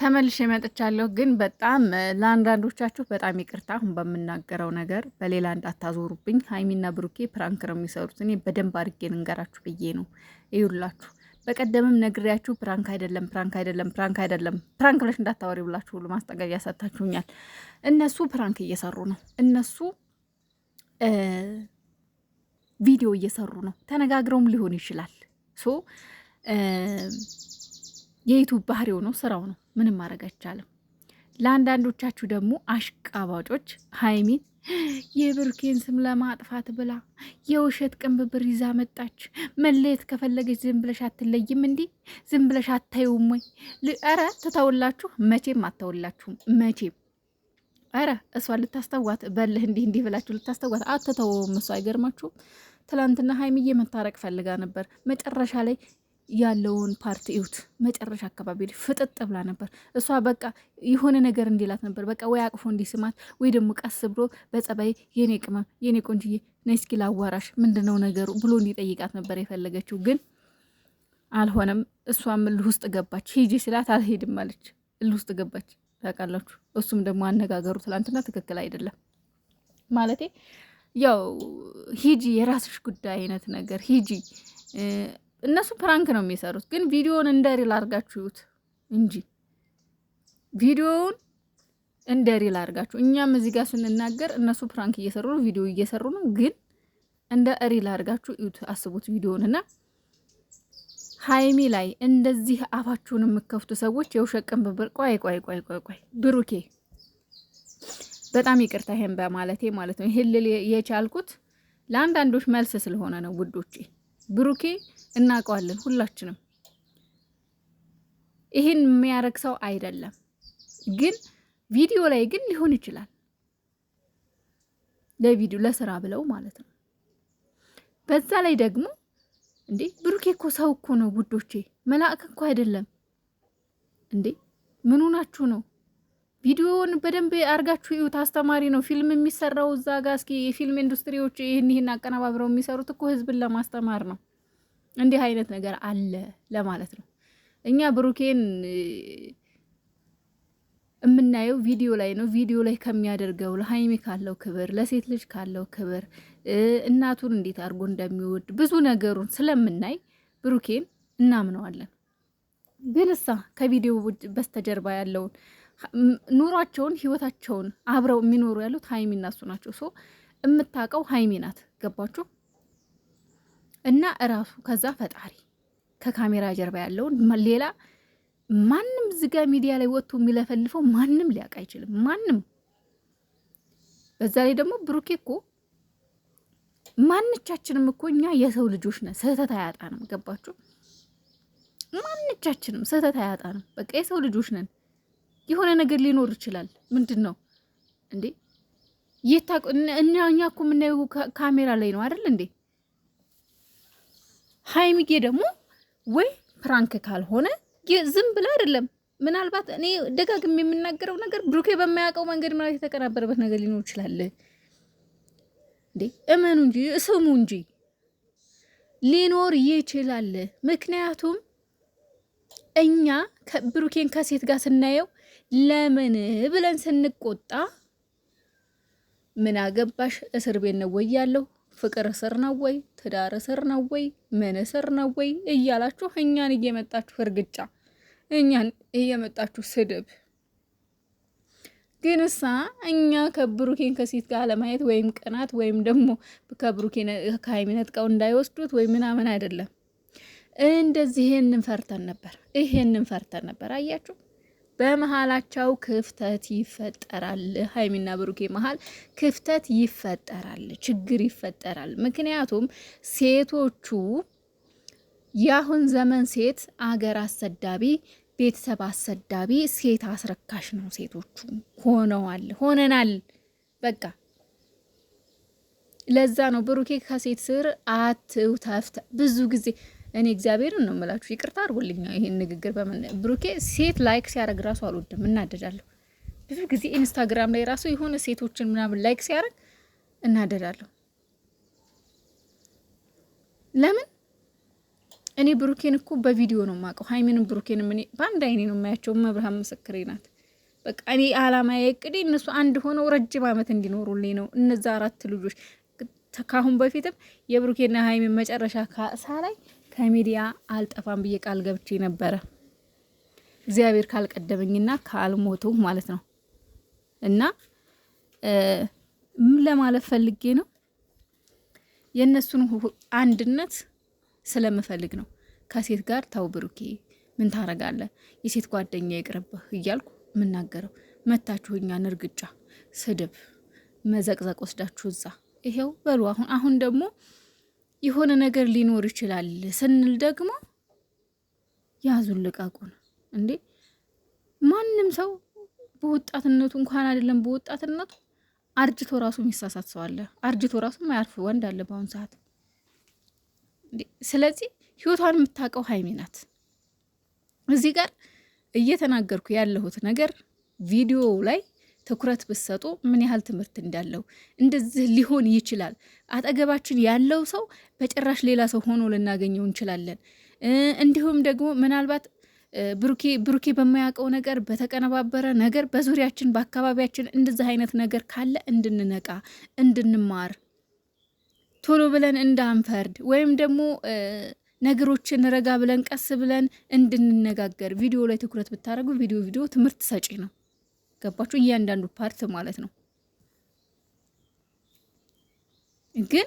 ተመልሼ መጥቻለሁ። ግን በጣም ለአንዳንዶቻችሁ በጣም ይቅርታ፣ አሁን በምናገረው ነገር በሌላ እንዳታዞሩብኝ። ሀይሚና ብሩኬ ፕራንክ ነው የሚሰሩት። እኔ በደንብ አድርጌ ልንገራችሁ ብዬ ነው። እዩላችሁ። በቀደምም ነግሬያችሁ ፕራንክ አይደለም፣ ፕራንክ አይደለም፣ ፕራንክ አይደለም፣ ፕራንክ ብለሽ እንዳታወሪ ብላችሁ ሁሉ ማስጠንቀቂያ ሰጥታችሁኛል። እነሱ ፕራንክ እየሰሩ ነው። እነሱ ቪዲዮ እየሰሩ ነው። ተነጋግረውም ሊሆን ይችላል። ሶ የዩቱብ ባህሪው ነው፣ ስራው ነው። ምንም ማድረግ አይቻልም። ለአንዳንዶቻችሁ ደግሞ አሽቃባጮች ሀይሚን የብሩኬን ስም ለማጥፋት ብላ የውሸት ቅንብብር ይዛ መጣች። መለየት ከፈለገች ዝም ብለሽ አትለይም እንዴ? ዝም ብለሽ አታዩም ወይ? ኧረ ትተውላችሁ፣ መቼም አተውላችሁም። መቼም አረ እሷ ልታስተዋት በልህ እንዲህ እንዲህ ብላችሁ ልታስተዋት አትተውም። እሷ አይገርማችሁም? ትላንትና ሀይሚዬ መታረቅ ፈልጋ ነበር መጨረሻ ላይ ያለውን ፓርቲ እዩት። መጨረሻ አካባቢ ፍጥጥ ብላ ነበር እሷ። በቃ የሆነ ነገር እንዲላት ነበር በቃ ወይ አቅፎ እንዲስማት ወይ ደግሞ ቀስ ብሎ በጸባይ የኔ ቅመም፣ የኔ ቆንጅዬ ነይ እስኪ ላዋራሽ፣ ምንድነው ነገሩ ብሎ እንዲጠይቃት ነበር የፈለገችው። ግን አልሆነም። እሷም እልህ ውስጥ ገባች። ሂጂ ስላት አልሄድም አለች። እልህ ውስጥ ገባች። ታውቃላችሁ፣ እሱም ደግሞ አነጋገሩ ትላንትና ትክክል አይደለም ማለቴ ያው ሂጂ የራስሽ ጉዳይ አይነት ነገር ሂጂ እነሱ ፕራንክ ነው የሚሰሩት፣ ግን ቪዲዮውን እንደ ሪል አድርጋችሁት እንጂ ቪዲዮውን እንደ ሪል አድርጋችሁ እኛም እዚህ ጋር ስንናገር እነሱ ፕራንክ እየሰሩ ነው፣ ቪዲዮ እየሰሩ ነው፣ ግን እንደ ሪል አድርጋችሁ እዩት፣ አስቡት ቪዲዮውንና ሀይሚ ላይ እንደዚህ አፋችሁን የምከፍቱ ሰዎች የውሸቅን ብብር ቆይ ቆይ ቆይ ቆይ ቆይ ብሩኬ በጣም ይቅርታ ይሄን በማለቴ ማለት ነው። ይህን ልል የቻልኩት ለአንዳንዶች መልስ ስለሆነ ነው ውዶቼ ብሩኬ እናውቀዋለን ሁላችንም። ይህን የሚያረግ ሰው አይደለም፣ ግን ቪዲዮ ላይ ግን ሊሆን ይችላል። ለቪዲዮ ለስራ ብለው ማለት ነው። በዛ ላይ ደግሞ እንዴ ብሩኬ እኮ ሰው እኮ ነው ውዶቼ፣ መላእክ እኮ አይደለም እንዴ። ምኑ ናችሁ ነው? ቪዲዮውን በደንብ አድርጋችሁ እዩት። አስተማሪ ነው። ፊልም የሚሰራው እዛ ጋ እስኪ የፊልም ኢንዱስትሪዎች ይህን ይህን አቀነባብረው የሚሰሩት እኮ ህዝብን ለማስተማር ነው። እንዲህ አይነት ነገር አለ ለማለት ነው። እኛ ብሩኬን የምናየው ቪዲዮ ላይ ነው። ቪዲዮ ላይ ከሚያደርገው ለሀይሚ ካለው ክብር፣ ለሴት ልጅ ካለው ክብር፣ እናቱን እንዴት አድርጎ እንደሚወድ ብዙ ነገሩን ስለምናይ ብሩኬን እናምነዋለን። ግን እሳ ከቪዲዮ በስተጀርባ ያለውን ኑሯቸውን፣ ህይወታቸውን አብረው የሚኖሩ ያሉት ሀይሚ እናሱ ናቸው። ሶ የምታውቀው ሀይሚ ናት። ገባችሁ? እና እራሱ ከዛ ፈጣሪ ከካሜራ ጀርባ ያለውን ሌላ ማንም ዝጋ ሚዲያ ላይ ወጥቶ የሚለፈልፈው ማንም ሊያውቅ አይችልም። ማንም በዛ ላይ ደግሞ ብሩኬ እኮ ማንቻችንም እኮ እኛ የሰው ልጆች ነን። ስህተት አያጣንም። ገባችሁ? ማንቻችንም ስህተት አያጣንም። በቃ የሰው ልጆች ነን። የሆነ ነገር ሊኖር ይችላል። ምንድን ነው እንዴ? እኛ እኮ የምናየው ካሜራ ላይ ነው አይደል እንዴ? ሀይምጌ ደግሞ ወይ ፕራንክ ካልሆነ ዝም ብላ አይደለም። ምናልባት እኔ ደጋግም የምናገረው ነገር ብሩኬ በማያውቀው መንገድ ምናምን የተቀናበረበት ነገር ሊኖር ይችላል። እንዴ እመኑ እንጂ እስሙ እንጂ ሊኖር ይችላል። ምክንያቱም እኛ ብሩኬን ከሴት ጋር ስናየው ለምን ብለን ስንቆጣ ምን አገባሽ እስር ቤት ነው ወይ ያለው ፍቅር እስር ነው ወይ ትዳር እስር ነው ወይ ምን እስር ነው ወይ እያላችሁ እኛን እየመጣችሁ እርግጫ፣ እኛን እየመጣችሁ ስድብ። ግን እሳ እኛ ከብሩኬን ከሴት ጋር ለማየት ወይም ቅናት ወይም ደግሞ ከብሩኬን ከሀይሚ ነጥቀው እንዳይወስዱት ወይ ምናምን አይደለም። እንደዚህ ይሄንን ፈርተን ነበር፣ ይሄንን ፈርተን ነበር። አያችሁ በመሃላቸው ክፍተት ይፈጠራል። ሀይሚና ብሩኬ መሀል ክፍተት ይፈጠራል፣ ችግር ይፈጠራል። ምክንያቱም ሴቶቹ የአሁን ዘመን ሴት አገር አሰዳቢ፣ ቤተሰብ አሰዳቢ፣ ሴት አስረካሽ ነው። ሴቶቹ ሆነዋል፣ ሆነናል። በቃ ለዛ ነው ብሩኬ ከሴት ስር አትውተፍተ ብዙ ጊዜ እኔ እግዚአብሔርን ነው የምላችሁ። ይቅርታ አርጎልኛ ይሄን ንግግር በምን ብሩኬ ሴት ላይክ ሲያደርግ ራሱ አልወድም፣ እናደዳለሁ። ብዙ ጊዜ ኢንስታግራም ላይ ራሱ የሆነ ሴቶችን ምናምን ላይክ ሲያደርግ እናደዳለሁ። ለምን እኔ ብሩኬን እኮ በቪዲዮ ነው የማውቀው። ሀይሚንም ብሩኬንም እኔ በአንድ አይኔ ነው የማያቸው። መብርሃን ምስክሬ ናት። በቃ እኔ አላማ የቅዴ እነሱ አንድ ሆነው ረጅም ዓመት እንዲኖሩልኝ ነው። እነዛ አራት ልጆች ከአሁን በፊትም የብሩኬና ሀይሚን መጨረሻ ካሳ ላይ ከሚዲያ አልጠፋም ብዬ ቃል ገብቼ ነበረ እግዚአብሔር ካልቀደመኝና ካልሞቱ ማለት ነው። እና ምን ለማለት ፈልጌ ነው፣ የእነሱን አንድነት ስለምፈልግ ነው። ከሴት ጋር ተው ብሩኬ፣ ምን ታረጋለ የሴት ጓደኛ ይቅርብህ እያልኩ የምናገረው መታችሁ፣ እኛን እርግጫ፣ ስድብ፣ መዘቅዘቅ ወስዳችሁ እዛ ይሄው በሉ። አሁን አሁን ደግሞ የሆነ ነገር ሊኖር ይችላል ስንል ደግሞ ያዙን ልቀቁን እንዴ! ማንም ሰው በወጣትነቱ እንኳን አይደለም በወጣትነቱ አርጅቶ ራሱ የሚሳሳት ሰው አለ። አርጅቶ ራሱ ማያርፍ ወንድ አለ በአሁኑ ሰዓት። ስለዚህ ህይወቷን የምታውቀው ሀይሜ ናት። እዚህ ጋር እየተናገርኩ ያለሁት ነገር ቪዲዮው ላይ ትኩረት ብትሰጡ ምን ያህል ትምህርት እንዳለው እንደዚህ ሊሆን ይችላል። አጠገባችን ያለው ሰው በጭራሽ ሌላ ሰው ሆኖ ልናገኘው እንችላለን። እንዲሁም ደግሞ ምናልባት ብሩኬ ብሩኬ በማያውቀው ነገር በተቀነባበረ ነገር በዙሪያችን በአካባቢያችን እንደዚህ አይነት ነገር ካለ እንድንነቃ እንድንማር ቶሎ ብለን እንዳንፈርድ ወይም ደግሞ ነገሮችን ረጋ ብለን ቀስ ብለን እንድንነጋገር ቪዲዮ ላይ ትኩረት ብታደርጉ ቪዲዮ ቪዲዮ ትምህርት ሰጪ ነው። ገባችሁ? እያንዳንዱ ፓርት ማለት ነው። ግን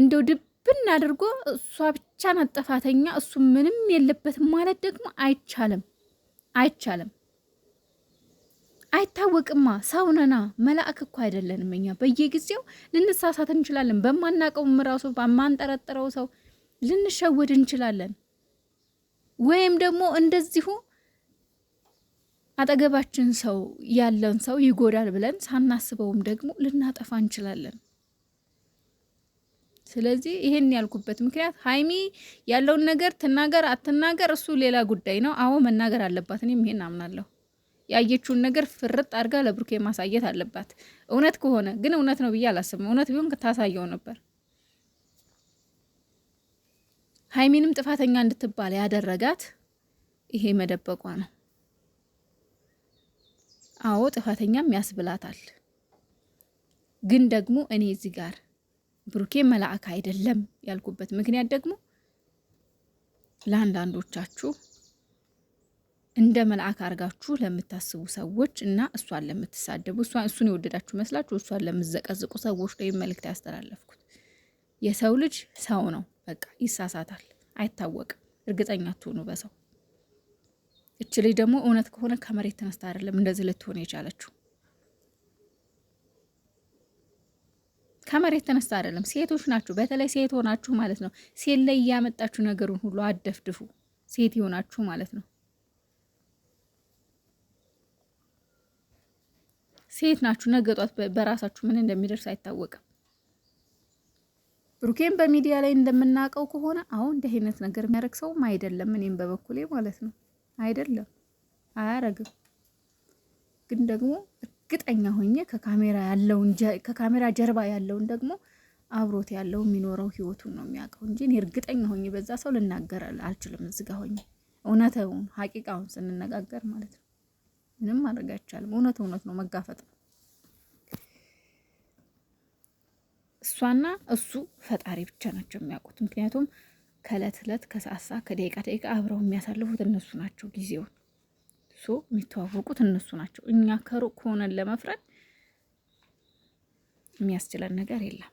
እንደው ድብን አድርጎ እሷ ብቻ ናት ጥፋተኛ፣ እሱ ምንም የለበትም ማለት ደግሞ አይቻልም፣ አይቻልም። አይታወቅማ። ሰውነና መላእክ እኮ አይደለንም እኛ። በየጊዜው ልንሳሳት እንችላለን። በማናቀውም ራሱ በማንጠረጥረው ሰው ልንሸወድ እንችላለን ወይም ደግሞ እንደዚሁ አጠገባችን ሰው ያለን ሰው ይጎዳል ብለን ሳናስበውም ደግሞ ልናጠፋ እንችላለን። ስለዚህ ይሄን ያልኩበት ምክንያት ሀይሚ ያለውን ነገር ትናገር አትናገር እሱ ሌላ ጉዳይ ነው። አዎ መናገር አለባት። እኔም ይሄን አምናለሁ። ያየችውን ነገር ፍርጥ አድርጋ ለብሩኬ ማሳየት አለባት። እውነት ከሆነ ግን እውነት ነው ብዬ አላስብም። እውነት ቢሆን ታሳየው ነበር። ሀይሚንም ጥፋተኛ እንድትባል ያደረጋት ይሄ መደበቋ ነው። አዎ ጥፋተኛም ያስብላታል። ግን ደግሞ እኔ እዚህ ጋር ብሩኬ መልአክ አይደለም ያልኩበት ምክንያት ደግሞ ለአንዳንዶቻችሁ እንደ መልአክ አድርጋችሁ ለምታስቡ ሰዎች እና እሷን ለምትሳደቡ እሱን የወደዳችሁ መስላችሁ እሷን ለምዘቀዝቁ ሰዎች ላይ መልእክት ያስተላለፍኩት የሰው ልጅ ሰው ነው። በቃ ይሳሳታል፣ አይታወቅም። እርግጠኛ ትሆኑ በሰው እች ልጅ ደግሞ እውነት ከሆነ ከመሬት ተነስታ አይደለም እንደዚህ ልትሆን የቻለችው። ከመሬት ተነስታ አይደለም። ሴቶች ናችሁ፣ በተለይ ሴት ሆናችሁ ማለት ነው። ሴት ላይ እያመጣችሁ ነገሩን ሁሉ አደፍድፉ፣ ሴት ይሆናችሁ ማለት ነው። ሴት ናችሁ። ነገጧት በራሳችሁ ምን እንደሚደርስ አይታወቅም። ብሩኬን በሚዲያ ላይ እንደምናውቀው ከሆነ አሁን እንዲህ አይነት ነገር የሚያደርግ ሰውም አይደለም፣ እኔም በበኩሌ ማለት ነው። አይደለም አያረግም። ግን ደግሞ እርግጠኛ ሆኜ ከካሜራ ያለውን ከካሜራ ጀርባ ያለውን ደግሞ አብሮት ያለው የሚኖረው ህይወቱን ነው የሚያውቀው እንጂ እኔ እርግጠኛ ሆኜ በዛ ሰው ልናገር አልችልም። እዚጋ ሆኜ እውነተውን ሀቂቃውን ስንነጋገር ማለት ነው ምንም ማድረግ አይቻልም። እውነት እውነት ነው፣ መጋፈጥ ነው። እሷና እሱ ፈጣሪ ብቻ ናቸው የሚያውቁት ምክንያቱም ከእለት እለት ከሳሳ፣ ከደቂቃ ደቂቃ አብረው የሚያሳልፉት እነሱ ናቸው። ጊዜውን ሶ የሚተዋወቁት እነሱ ናቸው። እኛ ከሩቅ ከሆነን ለመፍረድ የሚያስችለን ነገር የለም።